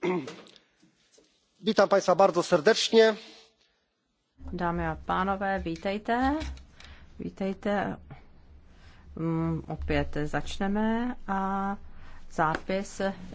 vítám państwa bardzo serdecznie. dámy a pánové vítejte vítejte mm, opět začneme a zápis